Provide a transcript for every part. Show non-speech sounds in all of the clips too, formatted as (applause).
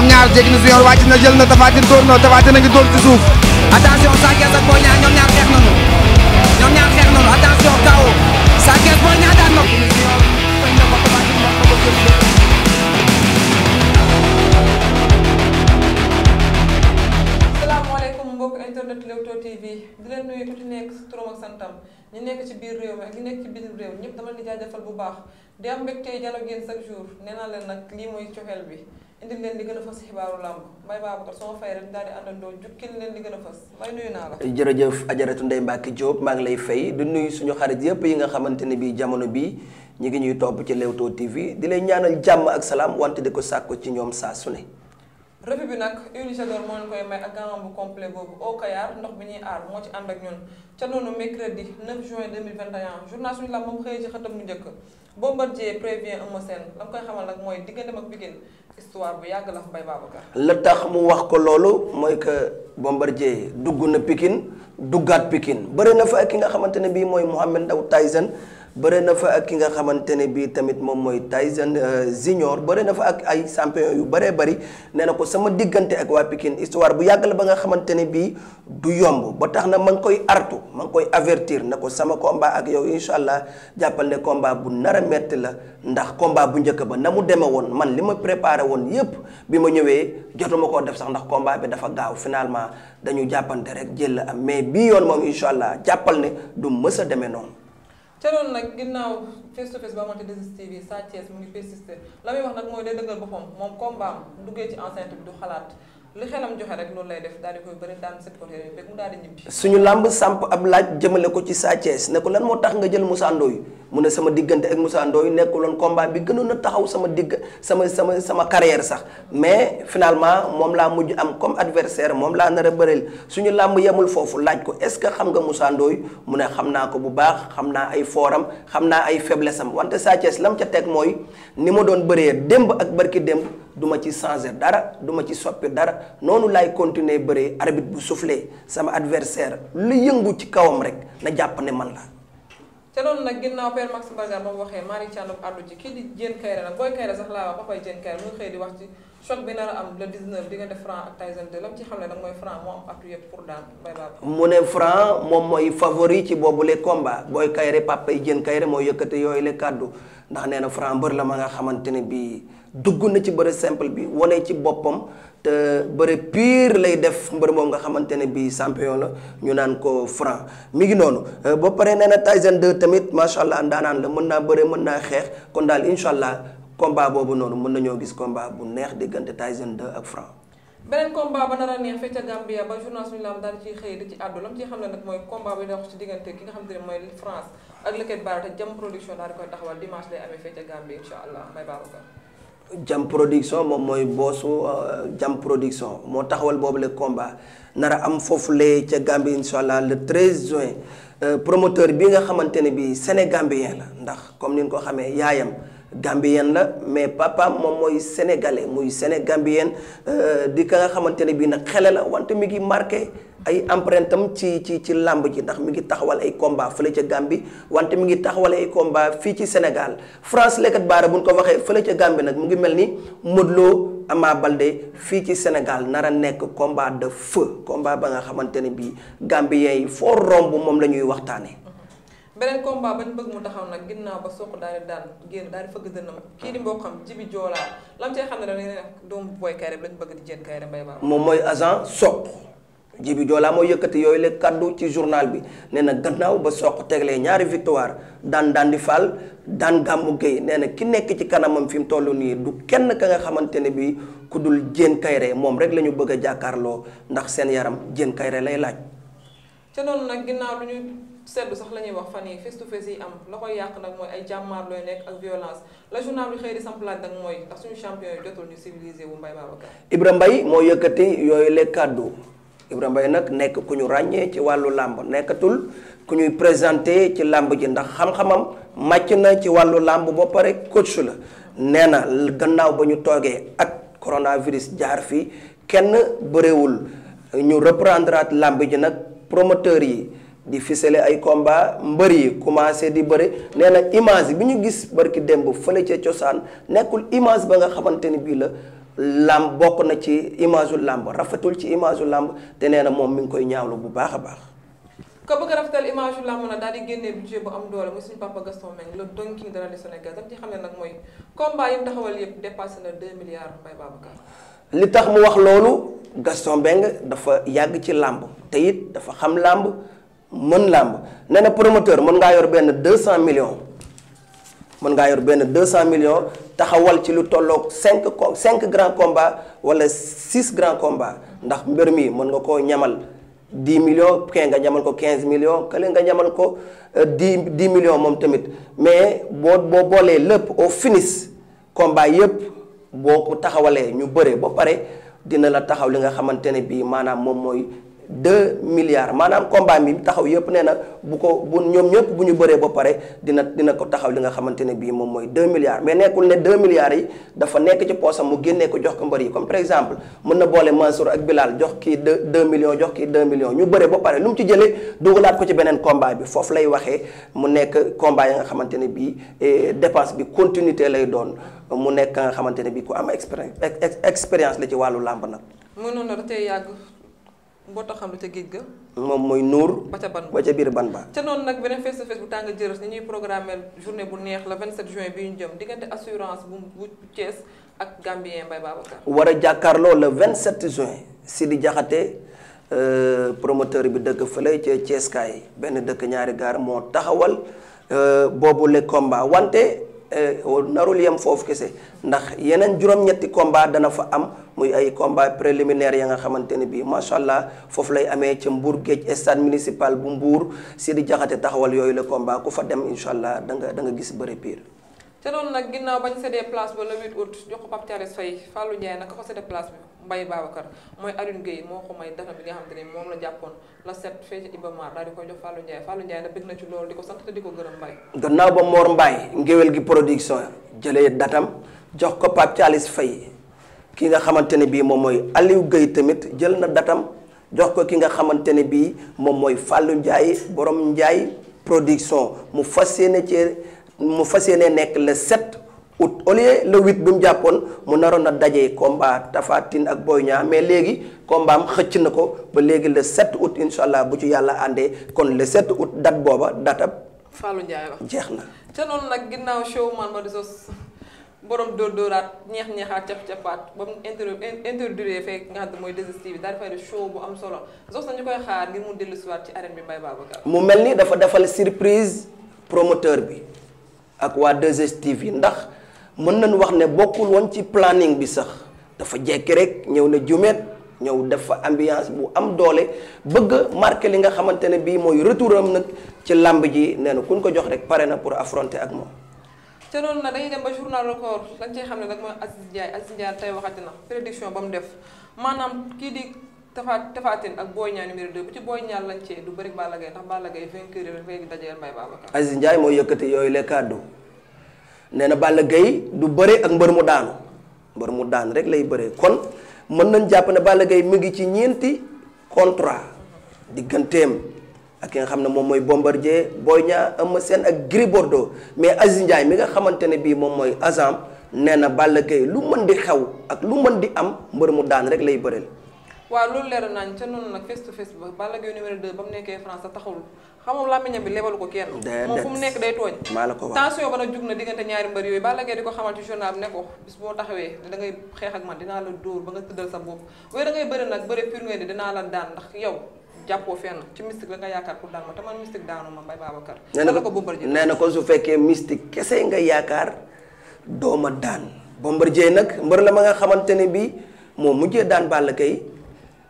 ñoom ñaar jéggi na su yor wàcc na jël na Tapha Tine dóor na Tapha Tine a ngi dóor ci suuf attention Sa Thiès ak Boy Niang ñoom ñaar xeex nañu ñoom ñaar xeex nañu attention kaw Sa Thiès Boy Niang daan na asalaamaaleykum mbokk internet Leewtoo TV di leen nuyu ku ci nekk si turam ak santam ñu nekk ci biir réew mi ak ñu nekk ci bitim réew ñëpp dama leen di jaajëfal bu baax di am mbégte dialogue yéen chaque jour nee naa leen nag lii mooy coxeel bi indil leen li gën a fës xibaaru làmb Mbaye Babacar soo fay rek daal di àndandoo jukkil leen li gën a fës Mbaye nuyu naa la. jërëjëf Ajaratu Ndeye Mbacke Diop maa ngi lay fay du nuyu suñu xarit yëpp yi nga xamante ne bii jamono bii ñu ngi ñuy topp ci Leewtoo TV di lay ñaanal jàmm ak salaam wante di ko sàkko ci ñoom saa su ne. revue bi nag huile Jador moo leen koy may ak gàmmam bu complet boobu au Kayar ndox bi ñuy aar moo ci ànd ak ñun ca noonu mercredi 9 juin 2021 journal suñu la moom xëyee ci xëtam mu njëkk Bombardier prévient Eumeu Sène la mu koy xamal nag mooy digganteem ak Pikine histoire bu yàgg la fa Mbaye Babacar la tax mu wax ko loolu mooy que Bombardier dugg na pikin duggaat pikin bëri na fa ak ki nga xamante ne bii mooy Mohamed Ndao Tyson bëre na fa ak ki nga xamante ne bii tamit moom mooy Tyson euh, Junior bëre na fa ak ay champion yu bëree bari nee na ko sama diggante ak waa Pikine histoire bu yàgg la ba nga xamante ne bii du yomb ba tax na ma koy artu ma ngi koy avertir na ko sama combat ak yow incha allah jàppal ne combat bu nar a la ndax combat bu njëkk ba na mu deme woon man li ma préparer woon yépp bi ma ñëwee jotuma koo def sax ndax combat bi dafa gaaw finalement dañu jàppante rek jël am mais bii yoon moom incha allah jàppal ne du mës a demee noonu ca loolu nag ginnaaw face to face ba amante 2STV Sa Thiès mu ngi persister la muy wax nag mooy day dëggal boppam moom combat am duggee ci enceinte bi du xalaat li xelam joxe rek loolu lay def daal di koy bëri daan set ko rek mu daal di ñibbi. suñu làmb samp ab laaj jëmale ko ci Sa ne ko lan moo tax nga jël Moussa mu ne sama diggante ak Moussa Ndoye nekkuloon combat bi gënoon a taxaw sama digg sama sama sama carrière sax mais finalement moom laa mujj am comme adversaire moom laa nar a bëreel suñu làmb yemul foofu laaj ko est-ce que xam nga Moussa mu ne xam naa ko bu baax xam naa ay fooram xam naa ay faiblesse am wante Sa Thiès lam ca teg mooy ni ma doon bëree démb ak barki démb. du ma ci changer dara duma ci soppi dara noonu laay continuer bëree arbitre bu soufflé sama adversaire lu yëngu ci kawam rek na jàpp ne man la. te loolu nag ginnaaw Père Max Mbargane ba mu waxee Mari Thiandoum àddu ci kii di Diène Kaïré nag booy Kaïré sax laa wax ba koy Diène xëy di wax ci choc bi nar a am le 19 di def Franc ak Tyson 2 lam ci xam ne nag mooy Franc moo am appui yëpp pour daan bay baax. mu ne Franc moom mooy favori ci boobu les combats booy Kaïré papa yi Diène mooy moo yooyu la kàddu ndax nee na Franc mbër la ma nga xamante ne bii. dugg na ci bëre simple bi wane ci boppam te bëre pire lay def mbër moom nga xamante ne bii champion la ñu naan ko franc mi ngi noonu euh, ba pare nee na Tyson tamit macha allah ndaanaan la mën naa bëre mën naa xeex kon daal incha allah combat boobu noonu na ñoo gis combat bu neex diggante Tyson 2 ak franc. beneen combat ba nar a neex fecca Gambia ba journal suñu lam daal ci xëy di ci àddu lam ci xam ne nag mooy combat bi dox ci diggante ki nga xam te ne mooy France ak Leket Bara te di koy taxawal dimanche lay jam production moom mooy boosu euh, jam production moo taxawal boobu le combat nar a am foofu lee ca Gambie incha allah le 13 juin euh, promoteur bi nga xamante ne bii sénégambien la ndax comme ni nga ko xamee yaayam gambien la mais papaam moom mooy sénégalais muy sénégambien euh, di ka nga xamante ne bii nag xele la wante mi ngi marqué. ay empreinte ci ci ci làmb ji ndax mi ngi taxawal ay combat fële ca Gambie wante mi ngi taxawal ay combat fii ci Sénégal France Leket Baara bu ñu ko waxee fële ca Gambie nag mu ngi mel ni Modou Lo Ama Baldé fii ci Sénégal nar a nekk combat de feu combat ba nga xamante ne bii Gambien yi foo romb moom la ñuy waxtaanee. beneen combat bañ bëgg mu taxaw nag ginnaaw ba soq daal di daan génn daal di fëgg dënam kii di mbokkam jibi joolaa lam cee xam ne da ngay ne lañ bëgg di jéem kayre moom mooy agent soq. Jibi Joolaa moo yëkkati yooyu la kaddu ci journal bi nee na gannaaw ba soq teglee ñaari victoire daan daan di faal daan gàmmu Gueye nee na ki nekk ci kanamam fi mu toll nii du kenn ka nga xamante ne bii ku dul Diène Kairé moom rek lañu bëgg a jàkkaarloo ndax seen yaram Diène Kairé lay laaj. ca noonu nag ginnaaw lu ñu seetlu sax la ñuy wax fan yi face to face yi am la koy yàq nag mooy ay jàmmaar looy nekk ak violence la journal bi xëy di samplaat nag mooy ndax suñu champion yi jotul ñu civilisé wu Mbaye Babacar. Ibrahima Mbaye moo yooyu la kaddu. Ibrahima Mbaye nag nekk ku ñu ràññee ci wàllu làmb nekkatul ku ñuy présenté ci làmb ji ndax xam-xamam màcc na ci wàllu làmb ba pare coach la nee na gannaaw ba ñu toogee ak coronavirus jaar fii kenn bëréwul ñu reprendre at làmb ji nag promoteur yi di ficelé ay combat mbër yi commencé di bëri nee na image bi ñu gis barki démb fële ca cosaan nekkul image ba nga xamante ni bii la làmb bokk na ci image u làmb rafetul ci image u làmb te nee na moom mi ngi koy ñaawlu bu baax a baax. ko bëgg a rafetal image yu làmb nag daal di génnee budget bu am doole muy suñu papa Gaston Mbengue le Don King de la Sénégal daf xam ne nag mooy combat yi mu taxawal yëpp dépassé na 2 milliards Mbaye Babacar. li tax mu wax loolu Gaston Mbengue dafa yàgg ci làmb te it dafa xam làmb mën làmb nee na promoteur mën ngaa yor benn cent millions. mën ngaa yor benn 200 millions taxawal ci lu tolloog cinq com 5 grands combats wala 6 grands combats ndax mbër mi mën nga koo ñamal 10 million kee nga ñamal ko 15 million kële nga ñamal ko 10 euh, 10 millions moom tamit mais boo boo boolee lépp au finish combat yépp boo ko taxawalee ñu bëree ba pare dina la taxaw li nga xamante ne bii maanaam moom mooy. deux milliards maanaam combat mi taxaw yëpp nee na bu ko bu ñoom ñëpp bu ñu baree ba pare dina dina ko taxaw li nga xamante ne bii moom mooy deux milliards mais nekkul ne deux milliards yi dafa nekk ci poosam mu génnee ko jox ko mbër yi comme par exemple mën na boole Mansour ak Bilal jox kii deux deux millions jox kii deux millions ñu bëree ba pare lu mu ci jëlee dugalaat ko ci beneen combat bi foofu lay waxee mu nekk combat yi nga xamante ne bii eh, dépense bi continuité lay doon mu nekk nga xamante ne bii ku am expérience expérience la ci wàllu làmb na mboota xam lu ca géej ga. moom mooy nuur. ba ca ban ca biir ban ba. ca noonu nag beneen face to face bu tàng jërës ni ñuy programmer journée bu neex la vingt 27 juin bi ñu jëm diggante assurance bu bu Thiès ak Gambien Mbaye Babacar. war a jàkkaarloo la le 27 juin si Sidi Diakhaté euh, promoteur bi dëkk fële ca Thiès benn dëkk ñaari gaar moo taxawal euh, boobu le combat wante. Eh, narul yem foofu kese ndax yeneen juróom-ñetti combat dana fa am muy ay combat préliminaire ya nga xamante ne bii macha allah foofu lay amee ci Mbour géej stade municipal bu Mbour di Jaxate taxawal yooyu la combat ku fa dem incha allah da nga da nga gis bëre pire. te noonu nag ginnaaw bañ séddee place ba le 8 août jox ko Pape Thialis Faye Fallou Ndiaye nag ko séddee place bi. Mbaye Babacar mooy Alioune Gueye moo ko may data bi nga xam te ne moom la jàppoon la set fee ci Iba Mar daal di koy ko sant te ko gërëm Mbaye gannaaw ba Mor Mbaye ngéwél gi production jëlee datam jox ko Pape Thialis ki nga xamante ne bii moom mooy Aliou Gueye tamit jël na datam jox ko ki nga xamante ne bii moom mooy Fallou Ndiaye borom Ndiaye production mu fas yéene ci mu fas yéene nekk le 7 août au lieu le huit bi mu jàppoon mu naroon a daje combat Tapha ak Boy Niang mais léegi combat am xëcc na ko ba léegi la 7 août incha allah bu ci yàlla àndee kon le 7 août date booba date ab. Fallou Ndiaye jeex na. ca noonu nag ginnaaw show man ma di sos borom dóor-dóoraat ñeex ñeexaat caf cafaat ba mu inter interduré fekk nga xam ne mooy dégestive bi daal di fay def show bu am solo sos na ñu koy xaar ngir mu dellu si ci arène bi Mbaye Babacar. mu mel ni dafa defal surprise promoteur bi ak waa 2STV ndax. mën nañu wax ne bokkul woon ci planning bi sax dafa jekki rek ñëw na jumet ñëw def fa ambiance bu am doole bëgg a li nga xamante ne bii mooy retour am nag ci làmb ji nee na kuñ ko jox rek pare na pour affronter ak moom. ca noonu nag dañuy dem ba journal record lañ cey xam ne nag mooy Aziz Ndiaye Aziz Ndiaye tey waxati na prédiction ba mu def maanaam kii di tefaat Tapha Tine ak Boy Niang numéro 2 bu ci Boy Niang lañ ci du bëri Balla Gaye ndax Balla Gaye vainqueur rek léegi dajee may Babacar. Aziz Ndiaye mooy yëkkati yooyu les cadeaux. nee na Balla Gaye du bëre ak mbër mu daanu mbër mu daan rek lay bëree kon mën nañ jàpp ne Balla Gaye mu ngi ci ñeenti contrat digganteem ak ki nga xam ne moom mooy Bombardier Boy Niang Eumeu seen ak Gris Bordeaux mais Aziz Ndiaye mi nga xamante ne bii moom mooy agent nee na Balla Gaye lu mën di xew ak lu mën di am mbër mu daan rek lay bëreel waaw loolu leer nañ ca noonu nag face to face ba Balla Gaye numéro 2 ba mu nekkee France sax taxawul xam moom bi lebalu ko kenn moom fu mu nekk la ko wax tension ba nag na ñaari mbër yooyu Balla Gaye di ko xamal ko bis boo taxawee da ngay xeex dinaa la dóor ba nga tëddal sa bopp waaye da ngay bëri nag bëri pur daan ndax yow jàppoo fenn ci mystique la yaakaar pour daan ma te man mystique daanu ma Mbaye Babacar nee na ko Bombardier nee ko su fekkee mystique kese nga yaakaar dooma daan Bombardier nag mbër la ma nga xamante ne bi moo mujjee daan Balla Gaye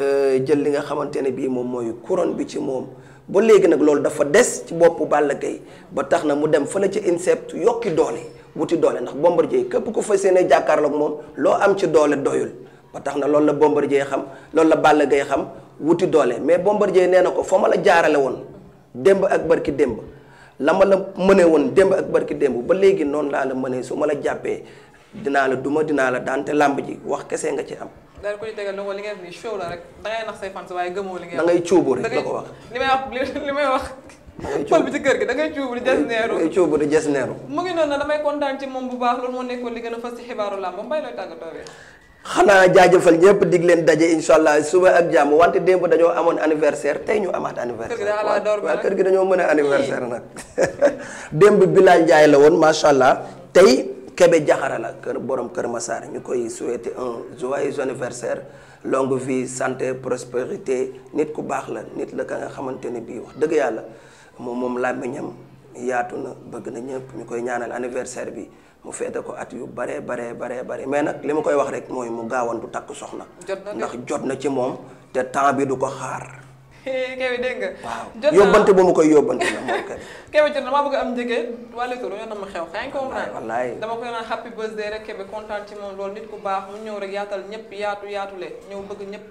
Euh, jël li nga xamante ne bii moom mooy couronne bi ci moom ba léegi nag loolu dafa des ci boppu Balla Gaye ba tax na mu dem fa la ci INSEP yokki doole wuti doole ndax Bombardier képp ku fa yéene jàkkaarlook moom loo am ci doole doyul ba tax na loolu la Bombardier xam loolu la Balla Gaye xam wuti doole mais Bombardier nee na ko fa ma la jaarale woon démb ak barki démb la ma la mënee woon démb ak barki démb ba léegi noonu laa la mëne su ma la jàppee dinaa la duma dinaa la daan làmb ji wax kese nga ci am. daal ko ci tegal na ko li ngeen ni show la rek da nax say fans waaye gëmoo li ngeen da li may wax li bi ci kër gi da ngay cuubu di jes neeru da ngay cuubu di jes neeru mu ngi noonu na damay kontaan ci moom bu baax loolu moo nekkoon li gën a fas ci xibaaru làmb ba mbay looy tàggatoo xanaa jaajëfal ñëpp dig leen daje incha allah suba ak jàmm wante démb dañoo amoon anniversaire tey ñu amaat anniversaire waaw kër gi dañoo mën a anniversaire nag (laughs) démb Bilal Ndiaye la woon macha allah tey Kébé jaxarala la kër borom Kër Massar ñu koy souhaiter un joyeux anniversaire longue vie santé prospérité nit ku baax la nit la ka nga xamante ne bii wax dëgg yàlla moom moom làmmiñam yaatu na bëgg na ñëpp ñu koy ñaanal anniversaire bi mu feete ko at yu bare bare bare bare mais nag li ma koy wax rek mooy mu gaawantu takk soxna ndax jot na ci moom te temps bi du ko xaar (laughs) Kéwé dégg nga. waaw yóbbante ba mu koy yóbbante la moom kay. (laughs) Kéwé damaa bëgg am njëkkee wàllu tur yoon na ma xew. xëy na comprendre dama koy naan happy birthday rek Kébé kontaan ci moom loolu nit ku baax mu ñëw rek yaatal ñëpp yaatu yaatule ñëw bëgg ñëpp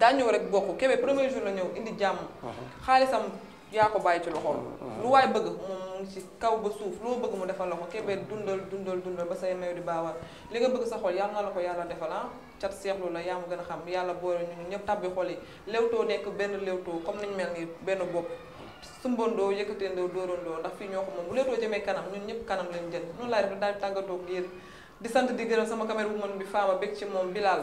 daa ñëw rek bokk Kébé premier jour la ñëw indi jàmm. Mhm. xaalisam yaa ko bàyyi ci loxoom. Mhm. lu waay bëgg moom mu ngi ci kaw ba suuf loo bëgg mu defal la ko Kébé dundal dundal dundal ba sa mayu di baawal li nga bëgg sa xol yàlla na la ko yàlla defal ah. cat seexlu la yaa ma gën a xam yàlla boole ñun ñëpp tàbbi xol yi léewtoo nekk benn léewtoo comme nañ mel ni benn bopp sumbandoo yëkkateendoo dóorandoo ndax fii ñoo ko moom bu léewtoo jëmee kanam ñun ñëpp kanam lañ jën noonu laay def daal di tàggatoo ak di sant di gërëm sama caméra bu mën bi faama bég ci moom Bilal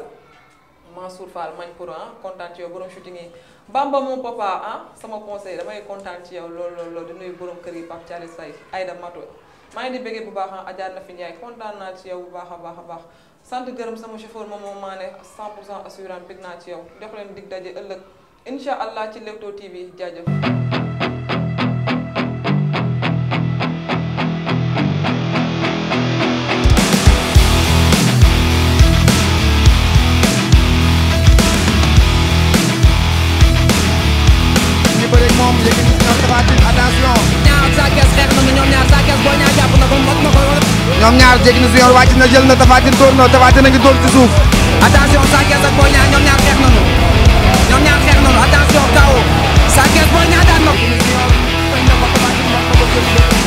Mansour Fall mañ pour ah kontaan ci yow borom shooting yi Bamba moom papa ah sama conseil damay kontaan ci yow lool lool lool borom kër yi Pape Thialé Say Aïda Mato maa ngi di bëggee bu baax a Adja Nafi Ndiaye kontaan naa ci yow bu baax a baax a baax sant gërëm sama chauffeur moom moo maa ne 100% assurant bëgg naa ci yow jox leen dig daje ëllëg incha allah ci Leewtoo TV jaajo ñoom ñaar jéggi na junior wàcc na jël na tafaatin dóor na tafaatin a ngi dóor ci suuf attention Sa Thiès ak ñoom ñaar xeex nañu ñoom ñaar xeex nañu attention kaw Sa Thiès Boy Niang daan na